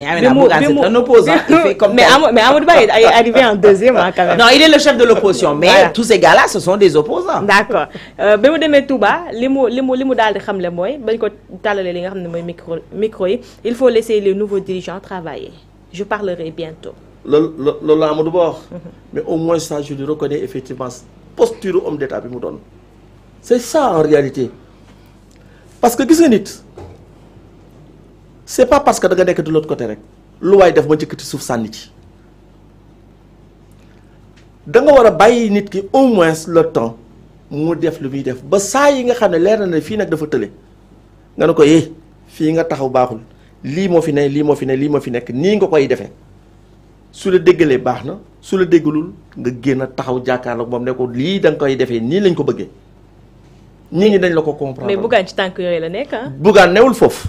Mais Amadou Ba est arrivé en deuxième hein, quand même. Non, il est le chef de l'opposition, mais tous ces gars-là, ce sont des opposants. D'accord. Euh, bi mu demee Touba li mu li mu li mu daal di xamle mooy bañ ko tàllalee li nga Moy micro il faut laisser les nouveaux dirigeants travailler. Je parlerai bientôt. Le, le, la Amadou Ba mhm. mais au moins ça je le reconnais effectivement posture homme d'état bi mu donne. c'est ça en réalité parce que qui nga nit. c'est pas parce que da nga nekk de l'autre côté rek lu waay def ba njëkkati suuf sànni ci danga war a bàyyi nit ki au moins le temps mu def lu muy def ba saa yi nga xam ne leer na ne fii nag dafa tële nga ne ko eh fii nga taxaw baaxul lii moo fi ne lii moo fi ne lii moo fi nekk nii nga koy defee su la déggalee baax na su la déggalul nga génn taxaw jàkkaarloog moom ne ko lii da nga koy defee nii lañ ko bëggee ñii ñi dañ la ko comprendre. mais ci tànk yooyu la nekk ah. foofu.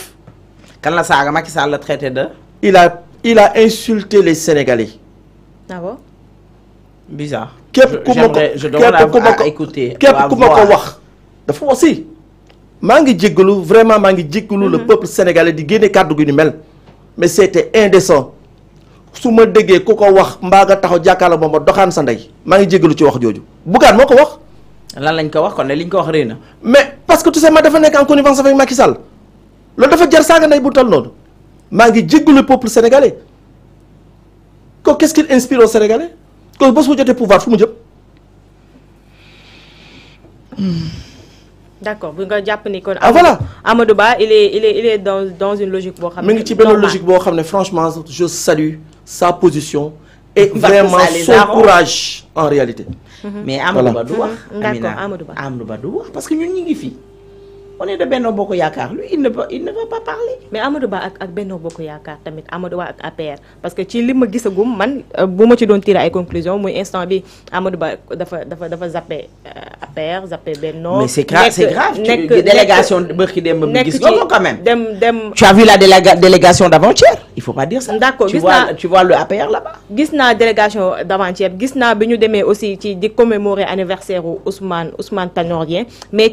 Quand la saga Macky Sall la traité de. il a il a insulté les Sénégalais. d' accord. bizarre. képp ku ma ko je devrais écouter. képp ah, ku ma ko wax dafa aussi. Mangi djeglu vraiment mangi djeglu le mhm. peuple sénégalais di génne cadre gu ñu mel. mais c'était indécent Suma ma déggee ko wax mbaa taxo taxaw jàkkaarloo doxane ma doxaan sa ndey maa ngi ci wax jooju Bougane moko wax. lan lañ ko wax kon né liñ ko wax rëy mais parce que tu sais ma dafa nek en connivence avec Macky Sall lolu dafa jar saaga nday bu tal noonu maa ngi le peuple sénégalais ko qu'est-ce qu'il inspire au sénégalais ko vous bu le pouvoir fu mu jëm hmm. d'accord bu nga un ni kon. ah voilà Amadou Ba il est il est il est dans dans une logique Mais xamné est logique franchement je salue sa position. et bah, vraiment son courage en réalité. Mhm. mais Amadou Ba du wax. Mhm. Amadou Ba du wax parce que ñun ñi ngi fi on est de Benno Boko Yakar. lui il ne peut il ne veut pas parler. mais Amadou Ba ak ak Benno Boko Yakar, tamit Amadou Ba ak APR parce que ci li ma gisagum man euh, bu ma ci don tirer ay conclusion moy instant bi Amadou Ba dafa dafa dafa zappé euh, APR zappé Benno. mais c'est grave c'est grave nekk délégation de démb bi gis nga quand même. tu as vu la délégation d'avant-hier il faut pas dire ça. d'accord tu vois tu vois le APR là-bas. gis na délégation d'avant-hier gis naa bi aussi ci di commémorer anniversaire Ousmane Ousmane Tanorien. mais